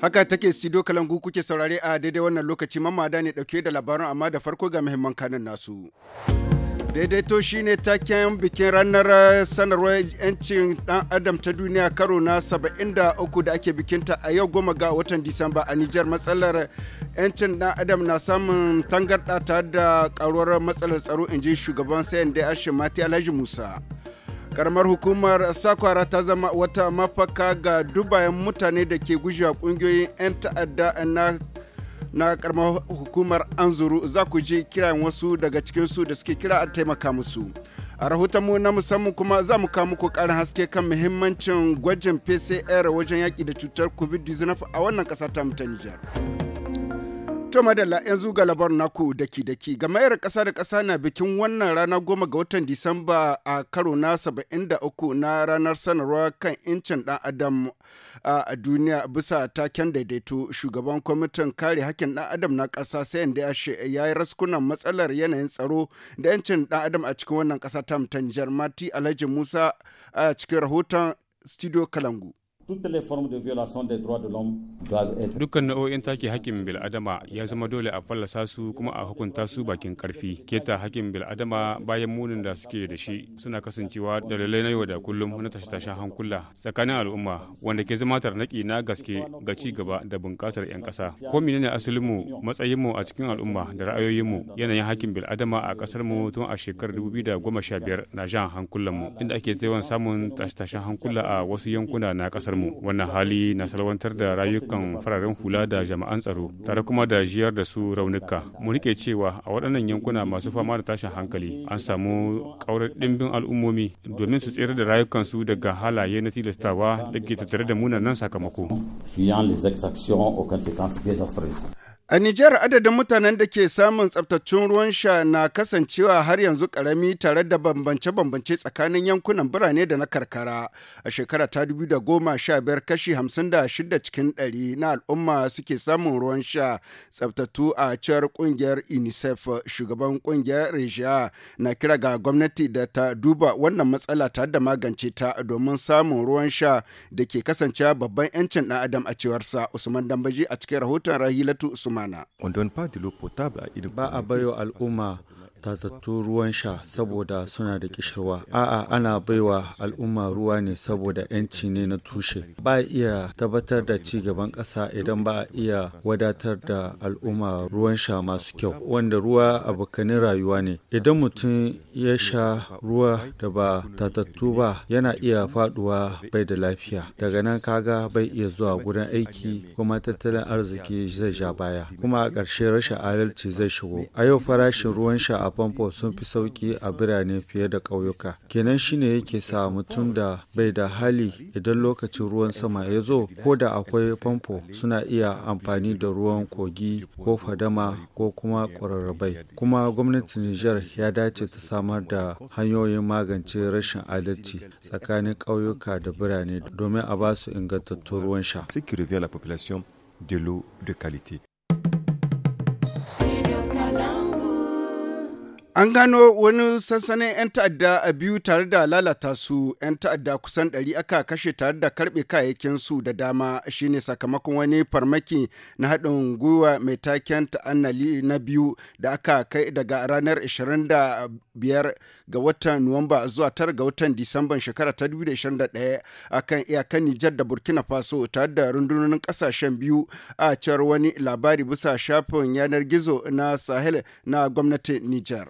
Haka take studio kalangu kuke saurare a daidai wannan lokaci mamada ne dauke da labaran amma da farko ga muhimman kanin nasu. daidaito shine taken bikin ranar sanarwar 'yancin dan adam ta duniya karo na 73 da ake bikinta a yau goma ga watan disamba a nijar matsalar 'yancin dan adam na samun tangarɗa tare da karuwar matsalar tsaro in ji shugaban sayan da ashe mati alhaji musa karamar hukumar sakwara ta zama wata mafaka ga dubayen mutane da ke gujewa kungiyoyin 'yan ta'adda na na karamar hukumar anzuru za ku ji kiran wasu daga cikinsu da suke kira a taimaka musu a rahoton mu na musamman kuma za mu kawo muku karin haske kan muhimmancin gwajin pcr wajen yaki da cutar covid-19 a wannan kasa ta mutane ta To madalla yanzu ga labar naku daki daki ga mayar ƙasa da ƙasa na bikin wannan rana goma ga watan Disamba a karo na 73 na ranar sanarwa kan incin dan adam a duniya bisa taken daidaito shugaban kwamitin kare hakkin dan adam na ƙasa sai da ya yi raskunan matsalar yanayin tsaro da yancin ɗan adam a cikin wannan ƙasa ta mutan Mati Alhaji Musa a cikin rahoton Studio Kalangu. Dukkan nau'o'in take hakkin bil'adama ya zama dole a fallasa su kuma a hukunta su bakin karfi. Keta hakkin bil'adama bayan munin da suke da shi suna kasancewa dalilai na yau da kullum na tashe-tashen hankula tsakanin al'umma wanda ke zama naki na gaske ga ci gaba da bunƙasar 'yan ƙasa. Ko menene asalinmu matsayinmu a cikin al'umma da ra'ayoyinmu yanayin hakkin bil'adama a ƙasar mu tun a shekarar 2015 na jan hankulanmu inda ake yawan samun tashe-tashen hankula a wasu yankuna na ƙasar mu. mu wannan hali na salwantar da rayukan fararen hula da jama'an tsaro tare kuma da jiyar da su raunuka mu rike cewa a waɗannan yankuna masu fama da tashin hankali an samu ƙaurar ɗimbin al'ummomi domin su tsere da rayukansu daga halaye na tilastawa da ke tattare da munanan sakamako A Nijar adadin mutanen da ke samun tsabtaccen ruwan sha na kasancewa har yanzu karami tare da bambance-bambance tsakanin yankunan birane da na karkara. A shekara ta biyar kashi shida cikin ɗari na al'umma suke samun ruwan sha tsabtattu a cewar kungiyar UNICEF shugaban kungiyar Rijiya na kira ga gwamnati da ta duba wannan matsala ta da magance ta domin samun ruwan sha da ke kasancewa babban 'yancin ɗan adam a cewarsa Usman Dambaji a cikin rahoton Rahilatu Usman. On ne donne pas de l'eau potable à l'éducation. tatsattun ruwan sha saboda suna da kishirwa a'a ana baiwa al'umma ruwa ne saboda 'yanci ne na tushe ba iya tabbatar da ci gaban ƙasa idan ba a iya wadatar da al'umma ruwan sha masu kyau wanda ruwa abokanin rayuwa ne idan mutum ya sha ruwa da ba tatattu ba yana iya faduwa bai da lafiya daga nan kaga bai iya zuwa gurin aiki kuma tattalin arziki zai sha baya kuma a ƙarshe rashin adalci zai shigo a yau farashin ruwan sha a famfo sun fi sauki a birane fiye da ƙauyuka kenan shine yake sa mutum da bai da hali idan lokacin ruwan sama ya zo ko da akwai famfo suna iya amfani da ruwan kogi ko fadama ko kuma ƙwararrabai kuma gwamnatin niger ya dace ta samar da hanyoyin magance rashin adalci tsakanin ƙauyuka da birane domin a ba su ingantattun ruwan sha An gano wani sansanin 'yan ta'adda a biyu tare da lalata su 'yan ta'adda kusan ɗari aka kashe tare da karɓe su da dama shine sakamakon wani farmaki na haɗin gwiwa mai taken ta'annali na biyu da aka kai daga ranar 25 ga watan Nuwamba zuwa 9 ga watan Disamban shekara ta 2021 akan iyakan Nijar da Burkina Faso tare da rundunonin ƙasashen biyu a cewar wani labari bisa shafin yanar gizo na Sahel na gwamnatin Nijar.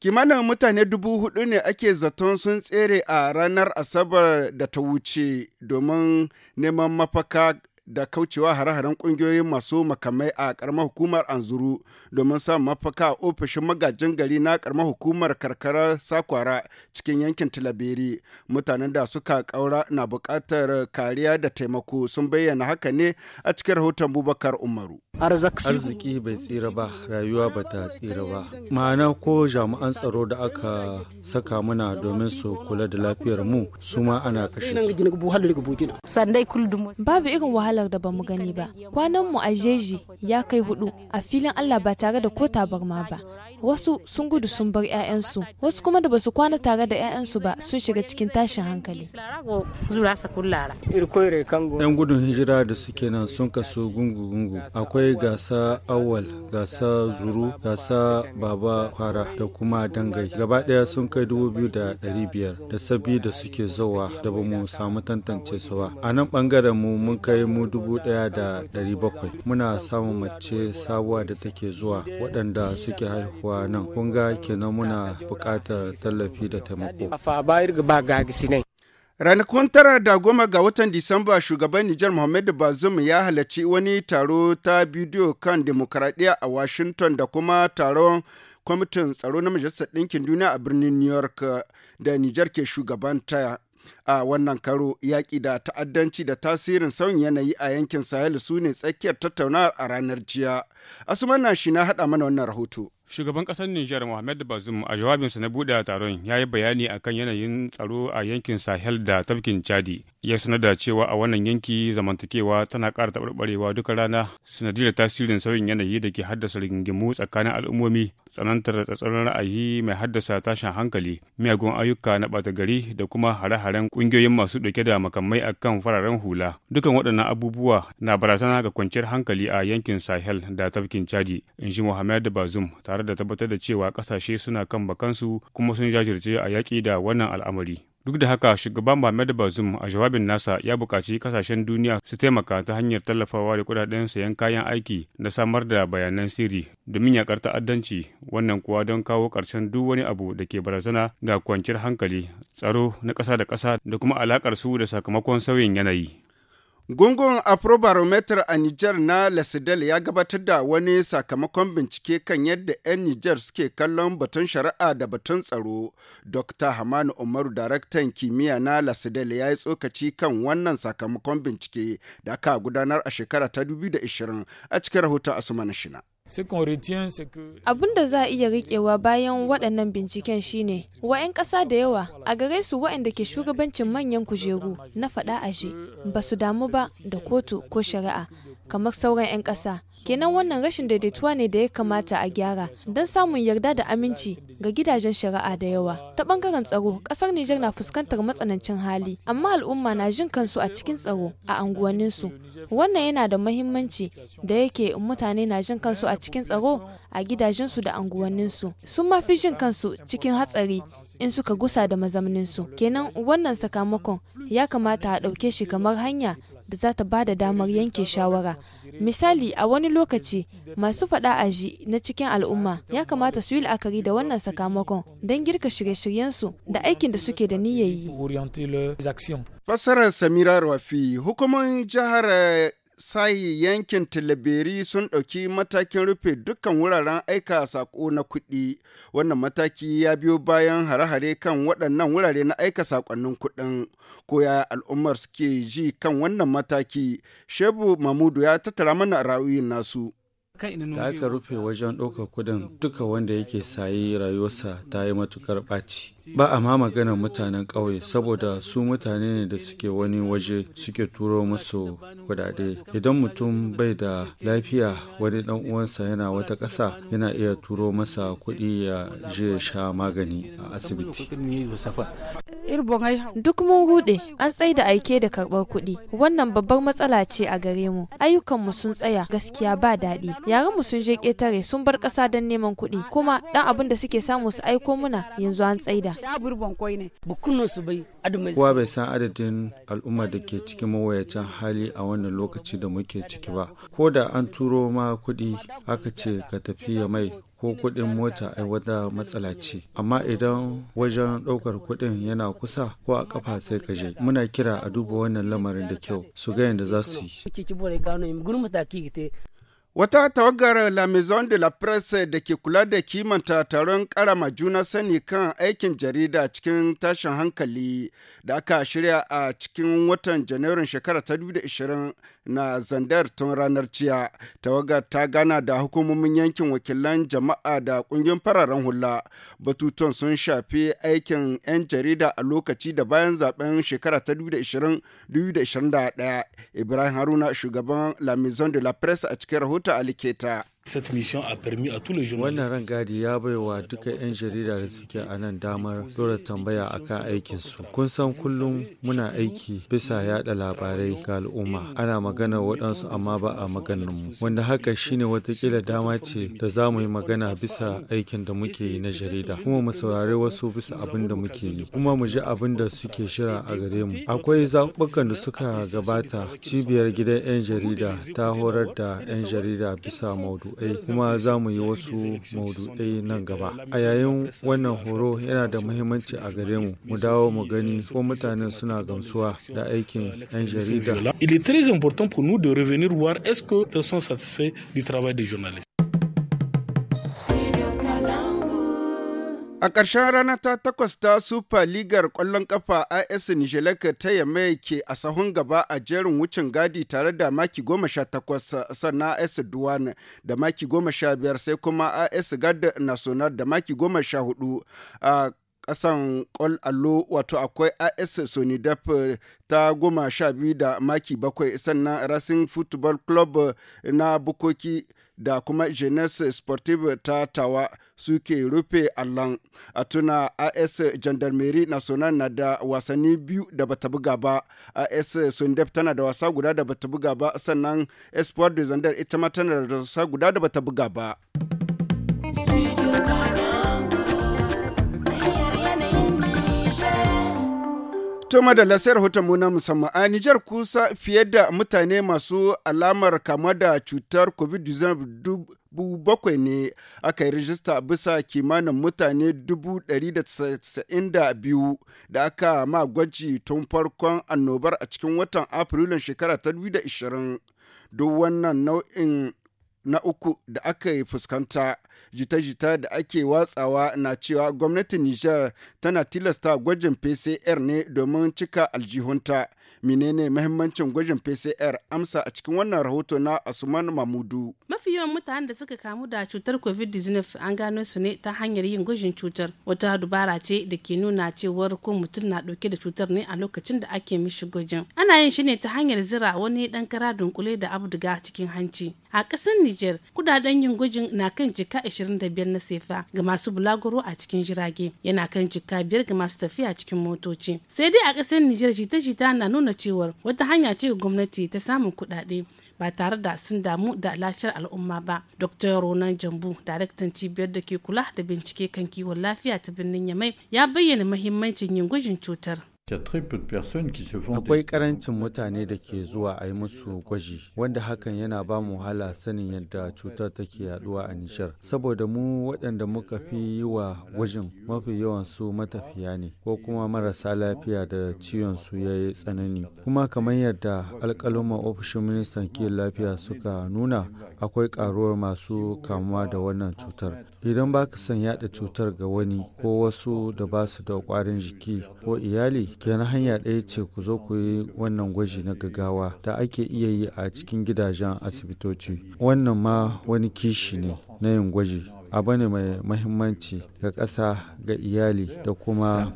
Kimanin mutane dubu hudu ne ake zaton sun tsere a ranar Asabar da ta wuce domin neman mafaka da kaucewa hare-haren kungiyoyin masu makamai a karamar hukumar anzuru domin samun mafaka a ofishin magajin gari na karamar hukumar karkara sakwara cikin yankin tilaberi mutanen da suka kaura na bukatar kariya da taimako sun bayyana haka ne a cikin rahoton bubakar umaru arziki bai tsira ba rayuwa ba ta tsira ba ma'ana ko jami'an tsaro da aka saka mana domin su kula da lafiyar mu su ma ana kashe su babu irin wahala matsalar da bamu gani ba kwanan mu a jeji ya kai hudu a filin allah ba tare da ko tabarma ba wasu sun gudu sun bar 'ya'yansu wasu kuma da ba su kwana tare da 'ya'yansu ba sun shiga cikin tashin hankali yan gudun hijira da suke nan sun kaso gungu-gungu akwai gasa awal gasa zuru gasa baba kwara da kuma dangai gaba daya sun kai dubu biyu da dari biyar da sabi da suke zawa da ba mu samu tantance su ba a nan bangaren mu mun kai mu dubu daya da dari bakwai muna samun mace sabuwa da take zuwa waɗanda suke haihuwa wa nan kun ga kenan muna buƙatar tallafi da taimako ranakun tara da goma ga watan disamba shugaban nijar Mohammed Bazumu ya halarci wani taro ta bidiyo kan demokaradiyya a washington da kuma taron kwamitin tsaro na majalisar ɗinkin duniya a birnin new york da nijar ke shugaban ta a wannan karo yaƙi da ta'addanci da tasirin sauyin yanayi a yankin sahel su ne tsakiyar tattaunawar a ranar jiya asuman na shi na haɗa mana wannan rahoto Shugaban ƙasar Nijar Mohamed Bazoum a jawabinsa na buɗe taron ya yi bayani a kan yanayin tsaro a yankin Sahel da tafkin Chadi. Ya sanar da cewa a wannan yanki zamantakewa tana ƙara taɓarɓarewa duka rana sanadiyar tasirin sauyin yanayi da ke haddasa rigingimu tsakanin al'ummomi, tsanantar tsaron ra'ayi mai haddasa tashin hankali, miyagun ayyuka na ɓata gari da kuma hare-haren ƙungiyoyin masu ɗauke da makamai kan fararen hula. Dukan waɗannan abubuwa na barazana ga kwanciyar hankali a yankin Sahel da tafkin Chadi, in ji Mohamed Bazoum tare tare da tabbatar da cewa kasashe suna kan bakansu kuma sun jajirce a yaƙi da wannan al'amari duk da haka shugaban Muhammadu Bazoum a jawabin nasa ya buƙaci kasashen duniya su taimaka ta hanyar tallafawa da kuɗaɗen sayan kayan aiki na samar da bayanan sirri domin yaƙar ta'addanci wannan kuwa don kawo ƙarshen duk wani abu da ke barazana ga kwanciyar hankali tsaro na ƙasa da ƙasa da kuma alaƙar su da sakamakon sauyin yanayi Gungun Afrobarometer a Nijar na Lasidel ya gabatar da wani sakamakon bincike kan yadda 'yan Nijar suke kallon batun shari'a da batun tsaro. Dr. Hamanu Umaru, daraktan kimiyya na Lasidel ya yi tsokaci kan wannan sakamakon bincike da aka gudanar a shekara ta 2020 a cikin rahoton Asuma na Shina. Abin da za a iya riƙewa bayan waɗannan binciken shine wa'yan ƙasa da yawa a gare su waɗanda ke shugabancin manyan kujeru na faɗa a ba su damu ba da kotu ko shari'a kamar sauran 'yan ƙasa. Kenan wannan rashin daidaituwa ne da ya kamata a gyara don samun yarda da aminci ga gidajen shari'a da yawa. Ta bangaren tsaro, ƙasar Nijar na fuskantar matsanancin hali, amma al'umma na jin kansu a cikin tsaro a anguwanninsu. Wannan yana da mahimmanci da yake mutane na jin kansu a cikin tsaro a gidajensu da anguwanninsu. Sun ma fi jin kansu cikin hatsari in suka gusa da mazamninsu. Kenan wannan sakamakon ya kamata a ɗauke shi kamar hanya da za ta ba da damar yanke shawara. Misali a wani lokaci masu faɗa aji na cikin al'umma ya kamata su yi la'akari da wannan sakamakon don girka shirye-shiryensu da aikin da suke da niyyayi. yi. Fassarar Samira Rafi hukumar jihar sahi yankin tilibiri sun ɗauki matakin rufe dukkan wuraren aika sako na kuɗi wannan mataki ya biyo bayan hare-hare kan waɗannan wurare na aika sakonnin kuɗin ko ya al'ummar suke ji kan wannan mataki shebu mamudu ya tattara mana ra'ayoyin nasu da aka rufe wajen ɗaukar kudin duka wanda yake sayi rayuwarsa ta yi matukar ɓaci ba a ma maganar mutanen ƙauye saboda su mutane ne da suke wani waje suke turo musu kudade idan mutum bai da lafiya wani dan uwansa yana wata ƙasa yana iya turo masa kuɗi ya je ya sha magani a asibiti duk mun rude an tsaye da aike da karbar kuɗi wannan babbar matsala ce a gare mu ayyukanmu sun tsaya gaskiya ba daɗi yaran mu sun je ƙetare sun bar ƙasa don neman kuɗi kuma dan abin da suke samu su aiko muna yanzu an tsaida. Kowa bai san adadin al'umma da ke cikin mawayacin hali a wannan lokaci da muke ciki ba. Ko da an turo ma kuɗi aka ce ka tafi ya mai ko kuɗin mota ai wata matsala ce amma idan wajen ɗaukar kuɗin yana kusa ko a ƙafa sai ka je muna kira a duba wannan lamarin da kyau su ga yadda za su yi Wata tawagar La Maison de la Presse da ke kula da kimanta taron karama juna sani kan aikin jarida cikin tashin hankali da aka shirya a cikin watan Janairun shekara ta 2020 na Zandar tun ranar ciya Tawagar ta gana da hukumomin yankin wakilan jama'a da kungin fararen hula. Batutun sun shafi aikin 'yan jarida a lokaci da bayan zaben shekara ta 2021 Ibrahim Haruna shugaban La Maison de la Presse a cikin rahoton Aliketa. Wannan rangadi ya baiwa duka 'yan jarida da suke a nan damar dora tambaya akan aikinsu. Kun san kullum muna aiki bisa yada labarai ga al'umma. Ana magana waɗansu amma ba a maganin mu. Wanda haka shine watakila dama ce da za mu yi magana bisa aikin da muke yi na jarida. Kuma mu saurari wasu bisa abin da muke yi. Kuma mu ji abin da suke shira a gare mu. Akwai zaɓuɓɓukan da suka gabata cibiyar gidan 'yan jarida ta horar da 'yan jarida bisa maudu zaɓe eh, kuma za mu yi wasu maudu'ai nan gaba. A yayin wannan horo yana da muhimmanci a gare mu, mu dawo mu gani ko mutane suna gamsuwa da aikin 'yan jarida. Il est très important pour nous de revenir voir est-ce que sont satisfaits du travail des journalistes. A ƙarshen rana ta takwas ta Super Ligar ƙwallon ƙafa AS Nijelaka ta yamma ke a sahun gaba a jerin wucin gadi tare da maki goma sha takwas sannan AS Duwan da maki goma sha biyar sai kuma AS Gad National da maki goma sha hudu a kasan ƙwal allo wato akwai as sonidap ta goma sha biyu da maki bakwai sannan racing football club na bukoki da kuma jeunesse sportive ta tawa suke rufe allon a tuna as gendarmerie national na da wasanni biyu da bata buga ba as sundep tana da wasa guda da bata buga ba sannan espoir de zandar ita ma tana da wasa guda da bata buga ba. To madalla sai rahoton mu na musamman a Nijar kusa fiye da mutane masu alamar kama da cutar COVID-19 dubu bakwai ne aka yi rijista bisa kimanin mutane dubu da aka ma gwaji tun farkon annobar a cikin watan afrilun shekara ta 2020 duk wannan nau'in na uku da aka yi fuskanta jita-jita da ake watsawa na cewa gwamnatin Nijar tana tilasta gwajin PCR ne domin cika aljihunta menene mahimmancin gwajin PCR amsa a cikin wannan rahoto na Asuman Mamudu. Mafi yawan mutanen da suka kamu da cutar COVID-19 an gano su ne ta hanyar yin gwajin cutar. Wata dubara ce da ke nuna cewar ko mutum na dauke da cutar ne a lokacin da ake mishi gwajin. Ana yin shi ne ta hanyar zira wani dan kara dunkule da abu daga cikin hanci. A ƙasar Nijar, kudaden yin gwajin na kan jika 25 na sefa ga masu bulaguro a cikin jirage, yana kan jika biyar ga masu tafiya cikin motoci. Sai dai a ƙasar Nijar jita-jita na nuna nuna cewar wata hanya ce gwamnati ta samun kuɗaɗe ba tare da sun damu da lafiyar al'umma ba. Dr. Ronan Jambu, daraktan cibiyar da ke kula da bincike kan kiwon lafiya ta birnin Yamai, ya bayyana mahimmancin yin gwajin cutar. Akwai karancin mutane da ke zuwa a yi musu gwaji, wanda hakan yana ba mu wahala sanin yadda cutar take yaduwa a Nijar. Saboda mu waɗanda muka fi yi wa gwajin mafi yawan su matafiya ne ko kuma marasa lafiya da ciwon su ya yi tsanani. Kuma kamar yadda alkaluma ofishin ministan ke lafiya suka nuna akwai ƙaruwar masu kamuwa da wannan cutar. Idan ba ka son yada cutar ga wani ko wasu da ba su da kwarin jiki ko iyali kenan hanya ɗaya ce ku zo ku yi wannan gwaji na gaggawa da ake iya yi a cikin gidajen asibitoci wannan ma wani kishi ne na yin gwaji abu ne mai mahimmanci ga ƙasa ga iyali da kuma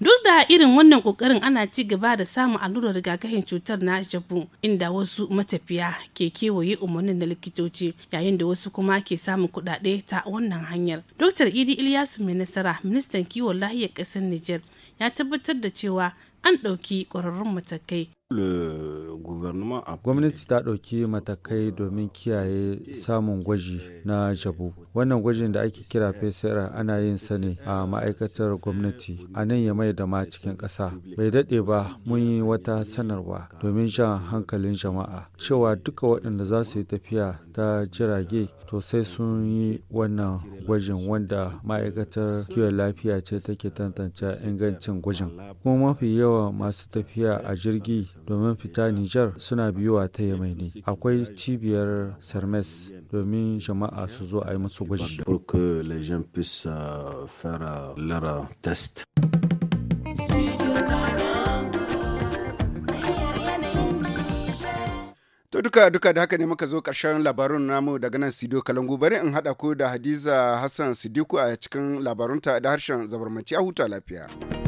Duk da irin wannan kokarin ana ci gaba da samun allurar rigakafin cutar na jabu inda wasu matafiya ke kewaye umarnin na likitoci yayin da wasu kuma ke samun kuɗaɗe ta wannan hanyar. Dr. Idi Ilyasu mai nasara ministan kiwon lahiyar ƙasar Nijar ya tabbatar da cewa an ɗauki ƙwararrun matakai Gwamnati ta ɗauki matakai domin kiyaye samun gwaji na jabu. Wannan gwajin da ake kira fesera ana yin sa ne a ma'aikatar gwamnati a nan ya mai da ma cikin ƙasa. Bai daɗe ba mun yi wata sanarwa domin jan hankalin jama'a cewa duka waɗanda za su yi tafiya ta jirage to sai sun yi wannan gwajin wanda ma'aikatar kiwon lafiya ce take tantance ingancin gwajin. Kuma mafi yawa masu tafiya a jirgi domin fita Nijar suna biyuwa ta Yamai ne. Akwai cibiyar Sarmes domin jama'a su zo a yi musu gwaji. Euh, euh, euh, to duka duka da haka ne muka zo karshen labarun namu daga nan Sido Kalangu bari in haɗa ku da Hadiza Hassan Sidiku a cikin labarunta da harshen zabarmaci a huta lafiya.